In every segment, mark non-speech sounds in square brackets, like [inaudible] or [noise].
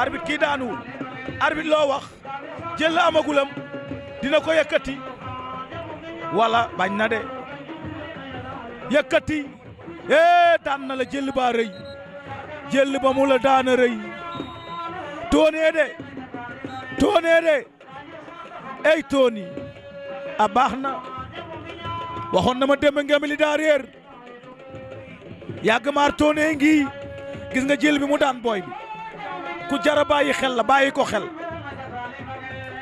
arbitre kii daanuwul arbitre loo wax jël amagulam dina ko yëkkati wala bañ na de yëkkati ee eh, daan na la jël baa jël ba mu la daana rëy toonee de toonee de ey tooni a baax na waxoon na ma démb ngeen li daa réer yàgg maar toonee ngi gis nga jël bi mu daan booy ku jara bàyyi xel la bàyyi ko xel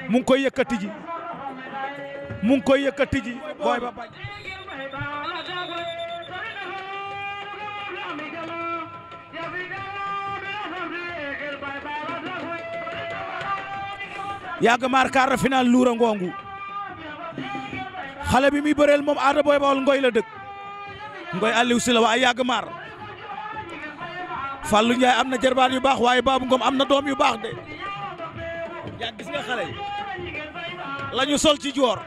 mu ngi koy yëkkati ji mu ngi koy yëkkati ji booy ba xale bi muy bëreel moom aada booy bawol ngoy la dëkk ngoy Aliou Sylla waa yàgg maar Fallou Ndiaye am na jarbaat yu baax waaye Babou Ngom am na doom yu baax de yaa gis nga xale yi sol ci joor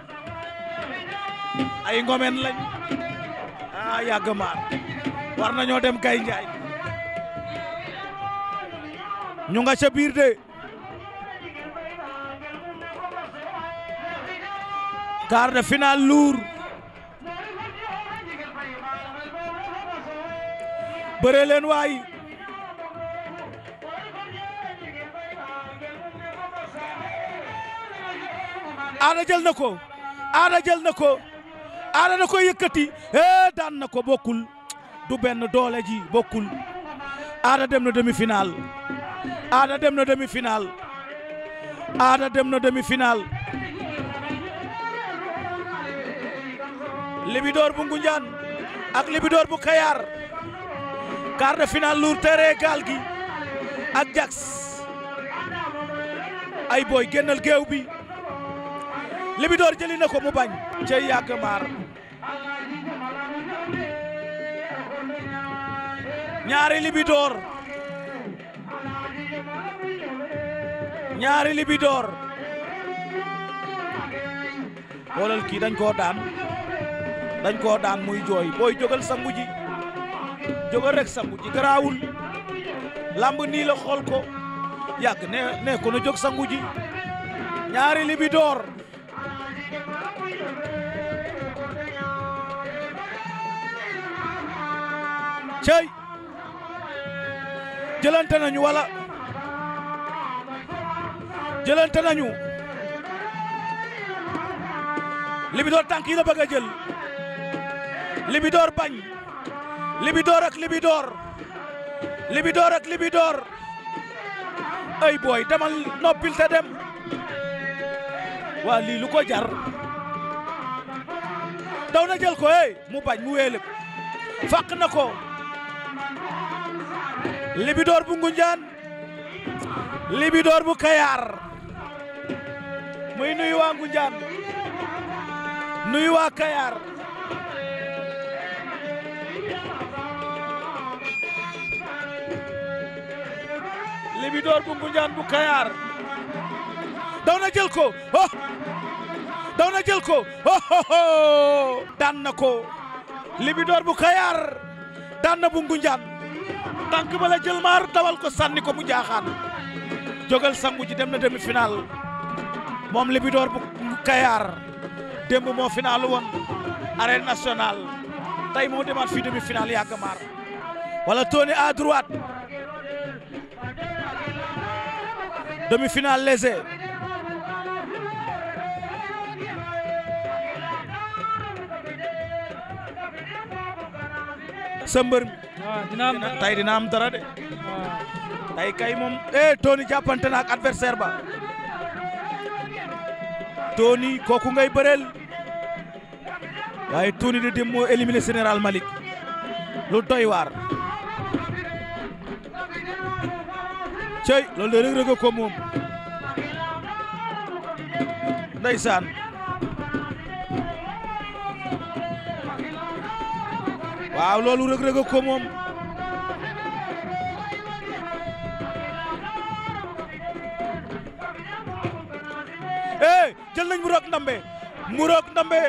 ay ngomeen lañ a ah, yàgg maar war nañoo dem Gaye ñu nga ca biir de quart de finale lour bëre aada jël na ko aada jël na ko aada da koy yëkkati eh daan na ko bokkul du benn doole ji bokkul aada dem na demi-finale aada dem na demi-finale aada dem libidoor bu Ngunjaan ak libidoor bu Kayar quart de finale lour terrain gaal gi ak Jax ay boy génnal géew bi Libidor jëli na ko mu bañ cey yàgg maar ñaari Libidor ñaari Libidor xoolal kii dañ koo daan dañ koo daan muy jooy booy jógal sangu jógal rek sangu ji garaawul nii la xool ko yàgg ne ne ko jóg sanguji ji ñaari Libidor cey jëlante nañu wala jëlante nañu Libidor tànk yi la bëgg a jël Libidor bañ Libidor ak Libidor Libidor booy demal noppil te dem waa lii lu ko jar daw na jël ko hey mu bañ mu weele fàq na ko Libidor bu Ngunjaan Libidor bu Kayaar muy nuyu waa Ngunjaan nuyu waa Kayaar Libidor bu Ngunjaan bu Kayaar daw na jël ko oh daw na jël ko oh daan na ko Libidor bu Kayaar daan na bu Ngunjaan tànk ba la jël maar dawal ko sànni ko mu jaaxaan jógal sangu dem na demi final moom Libidor bu Kayar démb moo final woon arène nationale tey moo demaat fii demi final yàgg maar wala Tony à droite demi final léger sa mbër Ah, tay dina am dara de ah. tay kay moom eh Tony jàppante na ak ba Tony kooku ngay bëreel waaye Tony di dem éliminé général Malick lu doy waar cey loolu de Reug ko moom ndeysaan waaw loolu Reug Reug ko moom eh jël nañ mu ndambe mu ndambe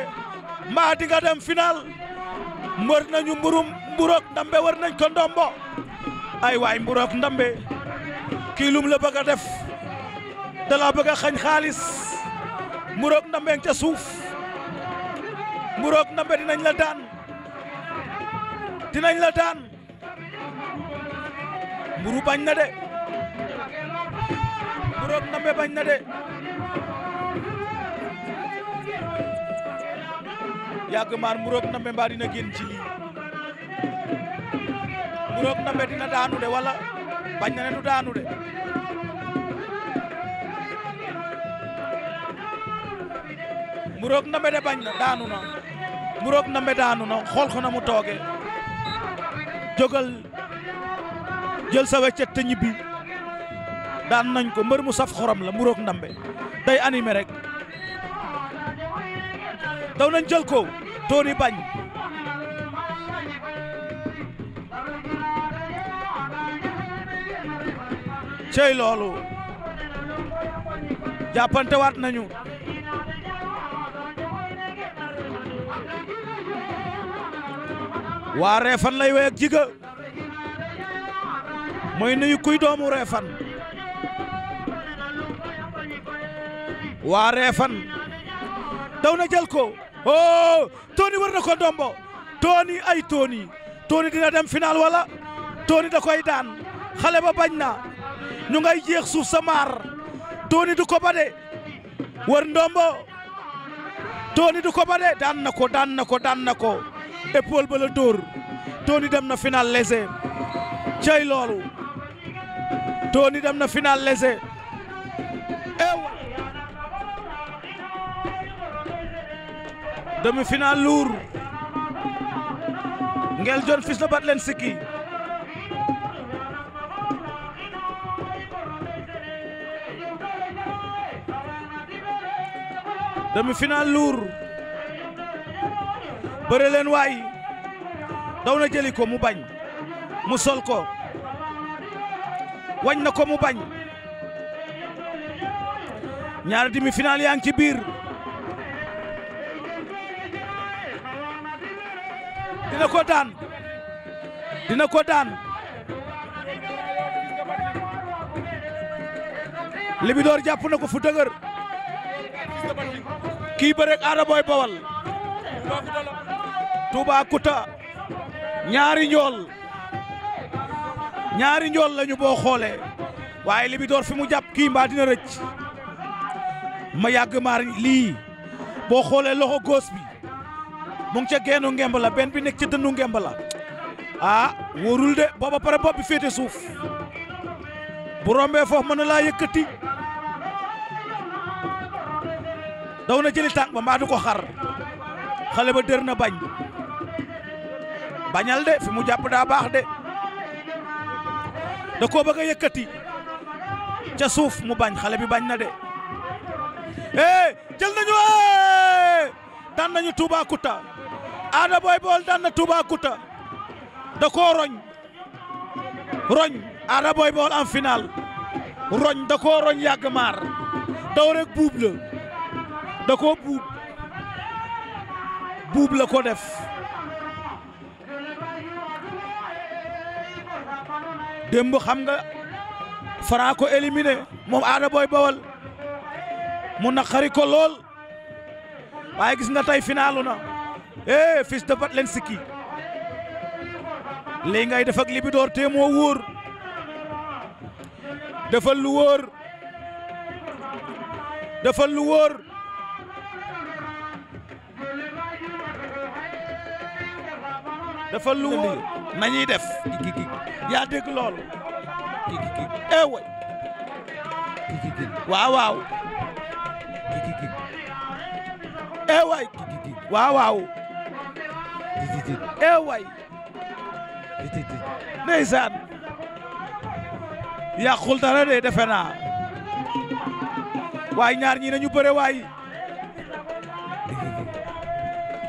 mbaa di dem final war nañu mburum mburoog ndambe war nañ ko ndombo ay waay mburoog ndambe kii la bëgg def da la bëgg a xañ xaalis mburoog ndambe ca suuf mburoog ndambe nañ la daan dinañ la daan mburu bañ na de mburoog ndambe bañ na de yàgg maar mburoog ndambe mbaa dina génn ci lii mburoog ndambe dina daanu de wala bañ na ne du daanu de mburoog ndambe de bañ na daanu na mburoog ndambe daanu na xool ko mu tooge jógal jël sa weccet te ñibbi daan nañ ko mbër mu saf xorom la mu roog ndambe day animé rek daw nañ jël ko tooni bañ cey loolu jàppante waat nañu waa reefan lay wey ak jiga mooy nuyu kuy doomu reefan waa reefan daw na jël ko oh Tony war na ko dombo Tony ay Tony Tony dina dem final wala Tony da koy daan xale ba bañ na ñu ngay jeex suuf sa maar Tony du ko ba de war ndombo Tony du ko ba de daan na ko daan na ko daan na ko épaule ba la dóor dem na final léger cey loolu Tony dem na final léger ew demi final lour ngel jon fis na bat leen sikki demi final lour bëre leen waay daw ko mu bañ mu sol ko wañ na ko mu bañ ñaari demi-finale yaa ngi ci biir dina ko daan dina ko daan Libidor jàpp na ko fu dëgër kii bëre ak Ada Bawal Toubacouta ñaari njool ñaari njool lañu boo xoolee waaye Libidor fi mu jàpp kii mbaa dina rëcc ma yàgg maar lii boo xoolee loxo góos bi mu ngi ca geenu ngemb la benn bi nekk ca dënnu ngemb la ah wóorul de booba pare bopp bi féete suuf bu rombee foofu mën na laa yëkkati daw na jëli tànk ba mbaa du ko xar xale ba dër na bañ bañal de fi mu jàpp daa baax de da koo bëgg a yëkkati ca suuf mu bañ xale bi bañ na de eh jël nañu eh daan nañu Toubacouta Ada Boy Baol daan na Toubacouta da koo roñ roñ Ada Boy Baol en final roñ da koo roñ yàgg maar daw rek buub la da ko buub buub la ko def. démb xam nga Franc ko moom Ada Boy Bawal mu naqari ko lool waaye gis nga tey finaalu na eh fils de bat leen sikki lii ngay def ak Libidor te moo defal lu wóor defal lu wóor nañuy def yaa dégg loolu kiki eh, kiki waaw waaw kiki kiki eewa eh, kiki kiki waaw waaw eh, defe naa waaye ñaar ñi nañu bëre waay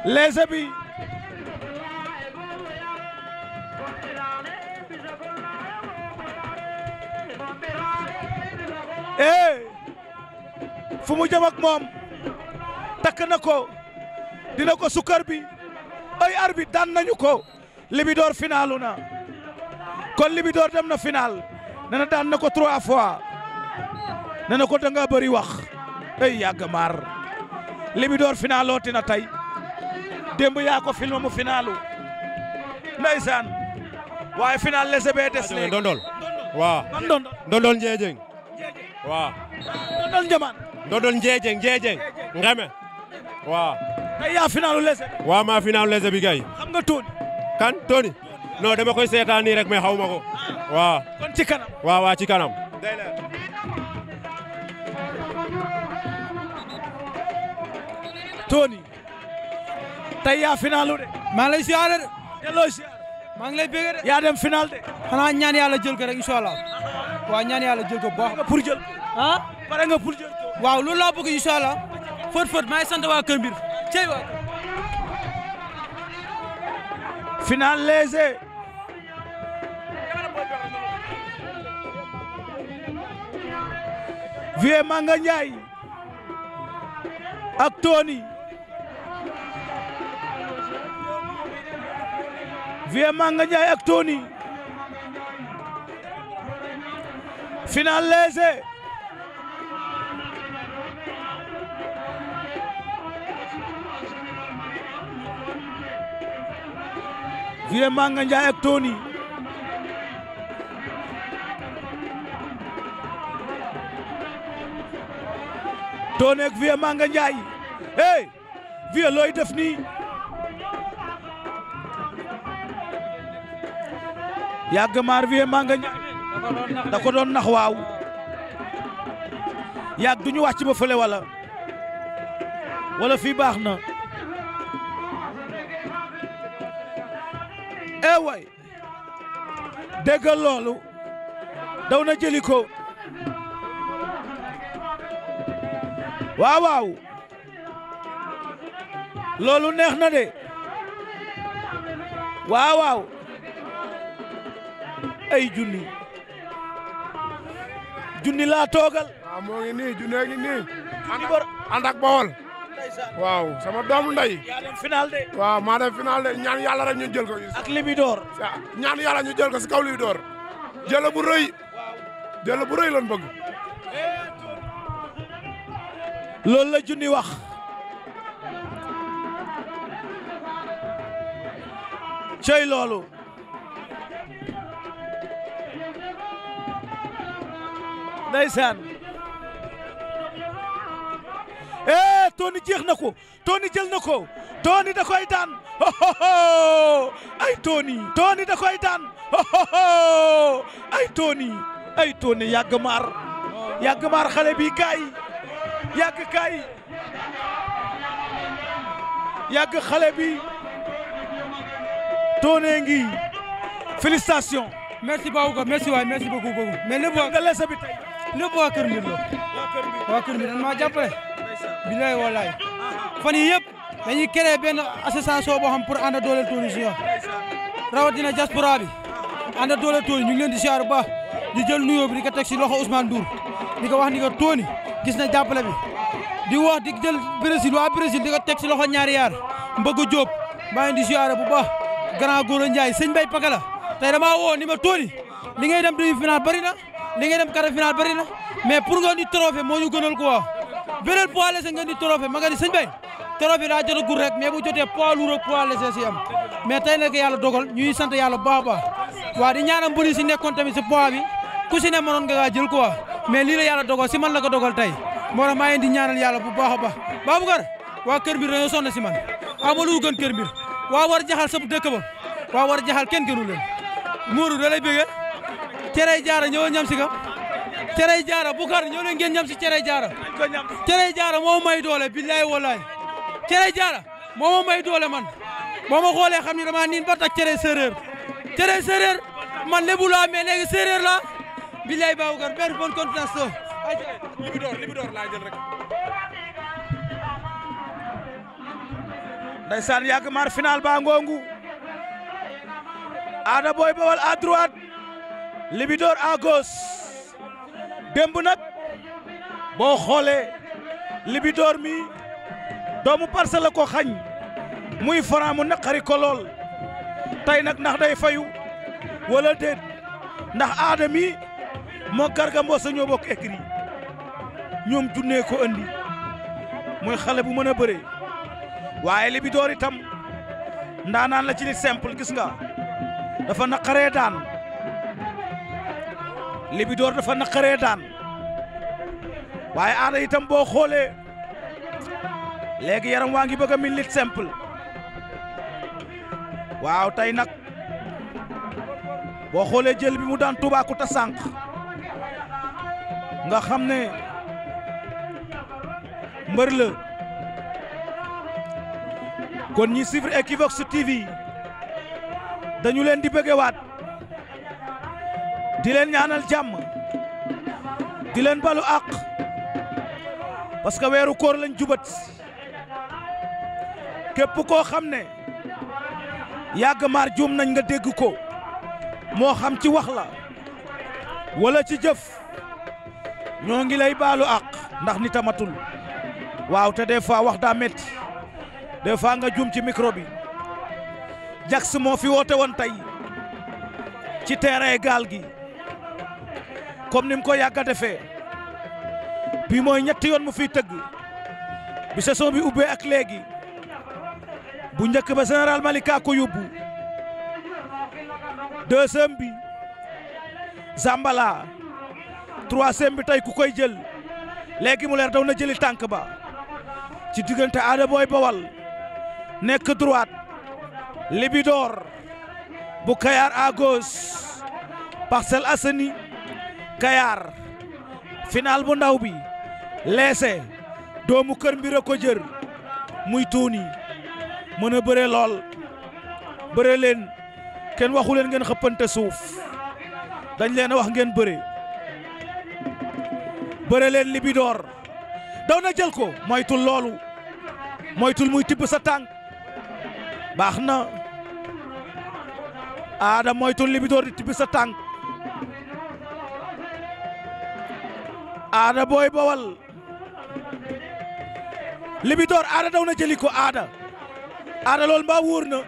leese eh fu mu jëm moom takk na ko dina ko sukkar bi ay arbitre daan nañu ko Libidor finalu na kon Libidor dem na final nee na daan na ko trois fois nee ko danga bëri wax ay yàgg maar Libidor finalooti na tey démb yaa ko filmé mu finalu ndeysaan waaye final les be des léegi. waaw ndondol njeejeng waaw. dondol njaman. dondol njeejeng njeejeng. ngeme. waaw. tey yaa finalu lese. waaw maa finalu lese bi kay. nga Tony. kan Tony. non dama koy seetaan nii rek mais xaw ma ah. ci kanam. waaw waaw ci kanam. Tony. tey yaa finalu de. maa lay siyaare de. maa ngi lay bëgg de. yaa dem final de. xanaa ñaan yàlla jël ko rek incha waaw ñaan yàlla jël ko baax pour jël ah? pare nga pour waaw loolu laa bëgg fët fët maa ngi sant waa Kër Mbir cey waa final léger Vieux Manga Ndiaye ak Tony Vieux Manga Ndiaye ak Tony final léger Vieux Manga Ndiaye ak Tony Tony ak Vieux Manga Ndiaye hey Vieux looy def nii yàgg maar Vieux Manga Ndiaye da ko doon nax waaw yaag du ñu wàcc ba fële wala wala fii baax na ee eh, waay loolu daw na jëli ko loolu neex na de waaw waaw junni junni laa toogal. waaw moo ngi nii junnee ngi nii. junni bor ànd bawol. waaw sama doomu nday de. waaw maa dem final de ñaan yàlla ñu jël ko. ak li bi door. ñu jël ko si kaw li bi door. jël bu rëy. jël bu rëy lan la junni wax. cey loolu. ndeysaan eh Tony jeex na ko Tony jël na ko Tony da koy daan ay Tony Tony da koy daan ay Tony ay Tony yàgg maar yàgg maar xale bi kaay yàgg kaay yàgg xale bi Tony ngi félicitations merci beaucoup merci waay merci beaucoup beaucoup mais lépp nga leesa lépp waa Kër Mbir la waa Kër wallaay fan yii yëpp dañuy créer benn association boo xam pour ànd dooleel Tony Junior rawatina diaspora bi ànd dooleel Tony ñu ngi leen di ziar bu baax di jël nuyoo bi di ko teg si loxo Ousmane Ndour di ko wax ni ko Tony gis na jàppale bi di wax di jël Brésil waa Brésil di ko teg si loxo ñaar yaar Mbagu Diop maa di ziar bu baax grand Gora Ndiaye sëñ Bay Pakala tey damaa woo ni ma Tony li ngay dem demi-finale bari na. li nga dem quart final bëri na mais pour nga di trophée moo ñu gënal quoi beneen poids léger nga di trophée ma nga ni sëñ bay trophée daa jot a gudd rek mais bu jotee poids lourd ak poids am mais tey nag yàlla dogal ñuy sant yàlla bu baax a waaw di ñaanal mbëri si nekkoon tamit si bi ku si ne mënoon nga kaa jël quoi mais lii la yàlla dogal si man la ko dogal tey moo tax maa ngi di ñaaral yàlla bu baax a baax Babacar waa Kër Mbir dañoo sonn si man amalu gën Kër Mbir waa war jaxal sa dëkk ba waa war jaxal kenn gënu da lay Cere Jaara ñëw ñam si ka Cere Jaara Bukar ñëw leen ngeen ñam si Jaara Cere Jaara moo may doole billaay wallaay Cere Jaara moo may doole man boo ma xoolee xam ni dama niin ba tak cere séeréer cere séeréer man lébu laa mais léegi séeréer la billaay Baboucar benn bonne contenance to Libidor Libidor laa jël rek ndeysaan Ada Boy Baol à Libidor à gauche démb nag boo xoolee Libidor mi doomu Parcelles la ko xañ muy Franc mu naqari ko lool tey nag ndax day fayu walla déet ndax aada mi moo Garga Mbossé ñoo bokk écrit ñoom junnee ko andi mooy xale bu mën a bëree waaye Libidor itam ndaanaan la ci li simple gis nga dafa naqaree daan Libidor dafa naqaree daan waaye aada itam boo xoolee léegi yaram waa ngi bëgg a min lit waaw tey nag boo xoolee jël bi mu daan Toubacouta sànq nga xam ne mbër la kon ñi suivre Equivox TV dañu leen di bëggewaat di leen ñaanal jàmm di leen balu àq parce que weeru koor lañ jubat képp koo xam ne yàgg maar juum nañ nga dégg ko moo xam ci wax la wala ci jëf ñoo ngi lay baalu àq ndax ni tamatul waaw te des fois wax daa metti des fois nga juum ci micro bi moo fi woote woon tey ci terrain gaal gi comme ni mu ko yàgg a bi mooy ñetti yoon mu fiy tëgg bi saison bi ubbee ak léegi bu njëkk ba seneral Malika ko yóbbu deuxième bi Zambala troisième tey ku koy jël léegi mu leer daw na jëli tànk ba ci diggante Ada Boy Bawal nekk droite Libidor bu Kayar à gauche Parcelles Kayar final bu ndaw bi leese doomu kër mbir a ko jër muy tuuni mën a bëre lool bëre leen kenn waxu leen ngeen xëppante suuf dañ leen a wax ngeen bëre bëre leen libidoor daw na jël ko moytul loolu moytul muy tibb sa tànk baax na aada moytul libidoor di tibb sa tànk aada booy bawal libidoor aada daw na jëli ko aada aada loolu mbaa wóor na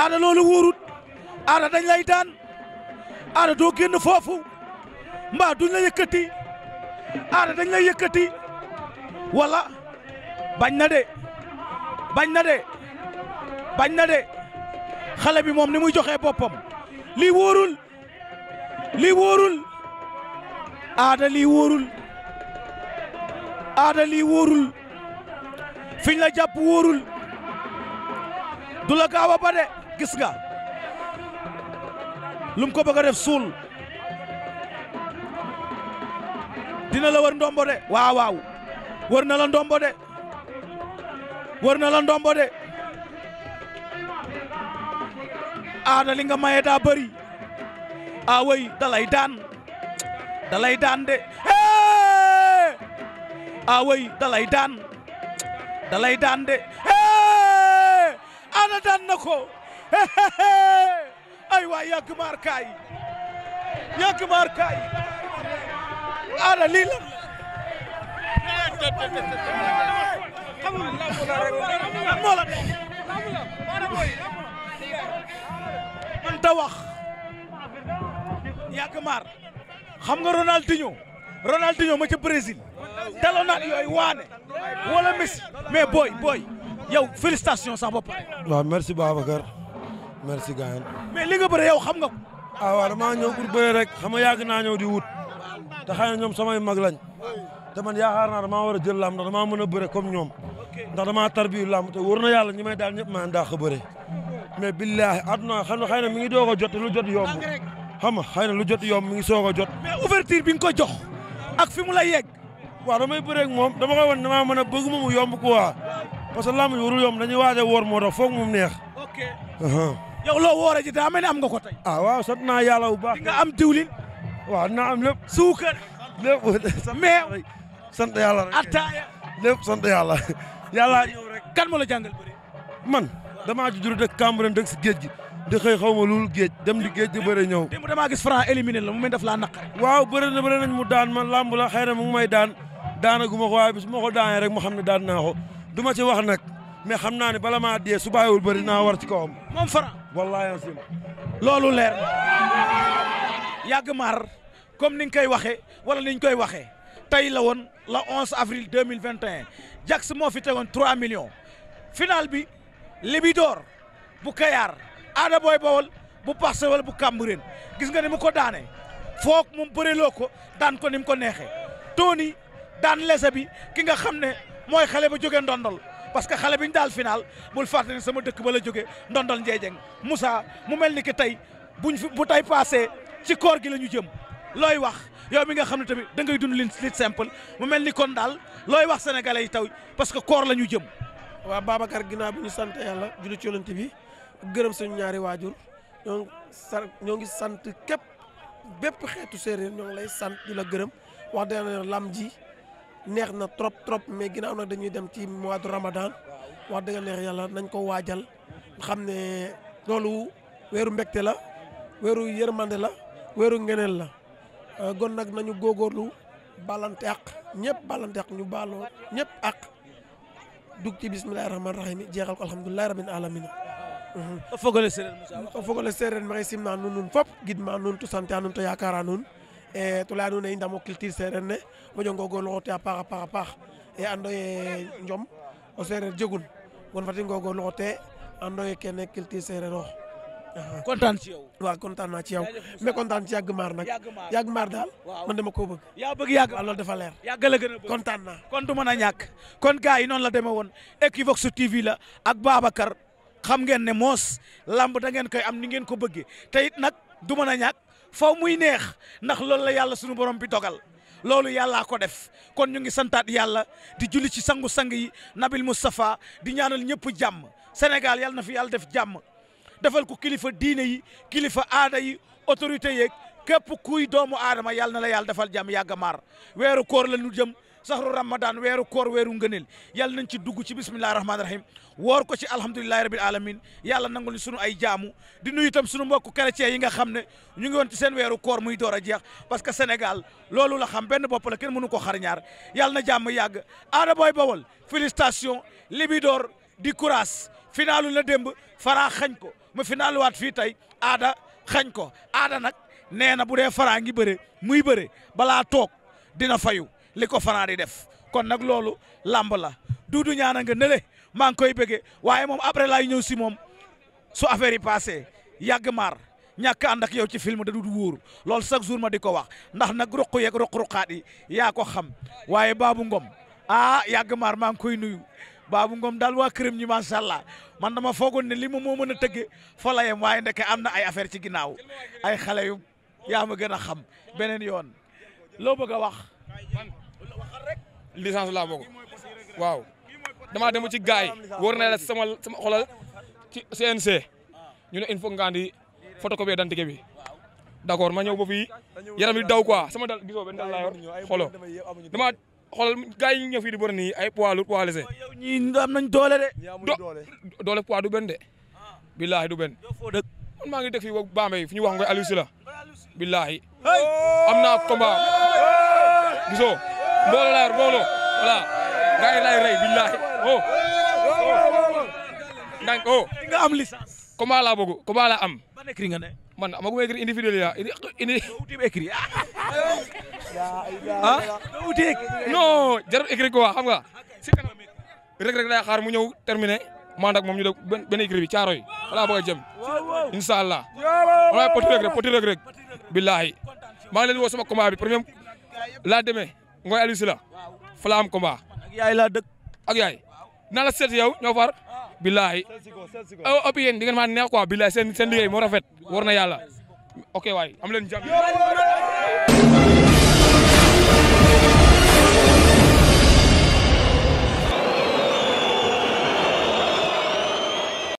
aada loolu wóorut aada dañ lay daan aada doo génn foofu mbaa duñ la aada dañ lay yëkkati wala bañ na de bañ na de bañ na de xale bi moom ni muy joxe boppam lii wóorul lii wóorul aada lii woorul aada lii wóorul fiñ la jàpp wóorul du la gaaw a ba de gis nga lum ko bëgg a def suul dina la war ndombo de waaw waaw war na la ndombo de war aada li nga maye daa bëri a way dalay daan dalay daan de away ah, dalay daan dalay daan de ana daan na ko ay waay yàgg maar kaay yàgg maar kaay ana man ta wax yàgg maar xam nga Ronaldinho Ronaldinho ma ca talonnade yooyu waane wala Messi mais booy booy yow félicitation sax ba pare. waaw merci Babacar merci Gaye. mais li nga bëre yow xam nga ko. ah maa damaa ñëw pour bëre rek xam nga yàgg naa ñëw di wut te xëy na ñoom samay mag lañ te man yaakaar naa damaa war a jël lam ndax damaa mën a bëre comme ñoom ndax damaa tarbiyu lam te wóor na yàlla ñi may daal ñëpp maa dàq a bëre mais billahi aduna xam nga mi ngi doo a jot te lu jot yomb xam nga xëy na lu jot yomb mi ngi soo a jot. mais bi nga jox ak fi mu la yegg waaw damay bëreeg moom dama koy wan damaa mën a bëgg mu yomb quoi parce que lamb yi warul yomb dañuy waaj a woor moo tax foog mu neex. ok. Uh-huh. yow loo wooree ji daa mel am nga ko tey. ah waaw sant naa yàlla bu baax. nga am diwlin. waaw naa am lépp. suukar. lépp [laughs] meew. sant yàlla rek attaaya. lépp sant yàlla. yàlla ñëw rek kan moo la jàngal bëri. man damaa juddu dëkk Cambérène dëkk si géej gi. di xëy xaw ma lul géej dem di géej di bëri ñëw. gis Franc éliminé la mu mel daf laa na bëri nañ mu daan man làmb la xëy na mu ngi may daan daanagu ma ko waaye bis ma ko daanee rek ma xam ne daan naa ko du ma ci wax nag mais xam naa ne bala maa dee su bàyyiwul bëri naa war ci kawam. moom Franc wallaahi asim loolu leer yàgg maar comme ni nga koy waxee wala ni koy waxee tey la woon la 11 avril 2021 Jax moo fi tegoon 3 millions final bi Libidor bu Kayar Ada Boy Bawol bu Parcelles wala bu Cambérène gis nga ni mu ko daane foog mu bëreloo ko daan ko ni ko neexee Tony daan lese bi ki nga xam ne mooy xale ba jóge ndondol parce que xale bi ñu daal final bul fàttali sama dëkk ba la jógee ndondol njeejeng Moussa mu mel ni ki tey buñ fi bu tey passé ci koor gi la ñu jëm looy wax yow bi nga xam ne tamit da ngay dund lit simple mu mel ni kon daal looy wax sénégalais yi taw parce que koor la ñu jëm. waaw Babacar ginnaaw bi ñu sant yàlla julli ci yonent bi gërëm suñu ñaari waajur ñoo ñoo ngi sant képp bépp xeetu séeréer ñoo ngi lay sant di la gërëm wax dëgg lam ji. neex na trop trop mais ginnaaw na dañuy dem ci mois de ramadan wax dëgg neex yàlla nañ ko waajal xam ne loolu weeru mbégte la weeru yërmande la weeru ngeneel la euh, kon nag nañu góogóorlu balante ak ñëpp balante ak ñu baaloo ñëpp ak dugg ci bismillahi rahmaani rahim jeexal ko alhamdulilahi rabbil alamin o fogole sereer o fogole sereer maxey simna nuun nuun fop gidma nuun to sante'a nuun to yaakaara nuun e to layanuna i ndamo culture sereer ne moƴo ngogorloox te a paax a paax a paax e Njom o sereer jegun gon fat i ngogorloox te ando culture sereer ox kontaan ci yow waaw kontaan naa ci yow ci yàgg maar nag yàgg maar daal man dama koo bëgg yaa bëgg yàgg loolu dafa leer yàgg la gën kontaan naa kon du mën a ñàkk kon gars yi noonu la deme woon Equivox TV la ak Babacar xam ngeen ne moos lamb dangeen ngeen am ni ngeen ko bëgge te it nag du mën ñàkk faw muy neex ndax loolu la yàlla sunu borom bi dogal loolu yàllaa ko def kon ñu ngi santaat yàlla di julli ci sangu-sang yi Nabil Moustapha di ñaanal ñëpp jàmm Sénégal yàlla na fi yàlla def jàmm defal ko kilifa diine yi kilifa aada yi autorité yeeg képp kuy doomu aadama yàlla na la yàlla defal jàmm yàgg maar weeru koor la ñu jëm. saxru ramadan weeru koor weeru ngëneel yàlla nañ ci dugg ci bismillahi rahmaani rahim woor ko ci alhamdulilahi rabil alamin yàlla nangul ni sunu ay jaamu di nuyu tam sunu mbokku chrétien yi nga xam ne ñu ngi woon ci seen weeru koor muy door a jeex parce que Sénégal loolu la xam benn bopp la kenn mënu ko xar ñaar yàlla na jàmm yàgg aada booy bawal félicitation libidoor di courage finaalu na démb faraa xañ ko ma finaalu waat fii tey aada xañ ko aada nag nee na bu dee faraa ngi bëre muy bëre balaa toog dina fayu li ko Franc di def kon nag loolu làmb la duudu ñaana nga nële maa ngi koy bëggee waaye moom après laay ñëw si moom su affaire yi passé yàgg maar ñàkk ànd ak yow ci film da du wóor loolu chaque jour ma di ko wax ndax nag ruq yeeg ruq-ruqaat yaa ko xam waaye Babou Ngom ah yàgg maar maa ngi koy nuyu Babou Ngom daal waa këram ñi macha allah man dama foogoon ne li ma moo mën a tëggee fa la yem am na ay affaire ci ginnaaw ay xale yu yaa ma gën a xam beneen yoon loo bëgg a wax. licence laa bokk waaw damaa dem ci gars yi wóor na la sama sama xoolal ci CNC ñu ne il faut nga andi photocopie d'identité bi d'accord ma ñëw ba fii yaram yi daw quoi sama dal gisoo benn dal laa yor xolo damaa a gars yi ñëw fii di bëri nii ay poids lu poids léger ñii am nañ doole de doole poids a benn de billaahi du benn maa ngi dëkk fii Bambey fu ñu wax nga Aliou Sylla am na combat gisoo mbooloo laa yor mbooloo voilà gars yi laay rey billahi oh. ndànk oh. nga am licence. comment laa bëgg comment laa am. ban écrit nga ne. man amaguma écrit individuel ya indi. wuti écrit [laughs] ah. wuti écrit. non jarul écrit quoi xam nga. si kanam rek rek day xaar mu ñëw terminé. man ak moom ñu def benn écrit bi caaro yi. voilà bëgg a jëm. incha allah. waaye poti rek rek poti rek rek. billahi maa ngi leen di woo sama combat bi premier laa demee. Ngoy Aliou Sylla fa la am combat. ak yaay laa dëkk. ak yaay naa la seet yow ñoo far. Ah. billaay ëpp oh, oh, yéen di ngeen maa neex quoi billaay seen seen liggéey moo war na yàlla ok waay am leen jàmm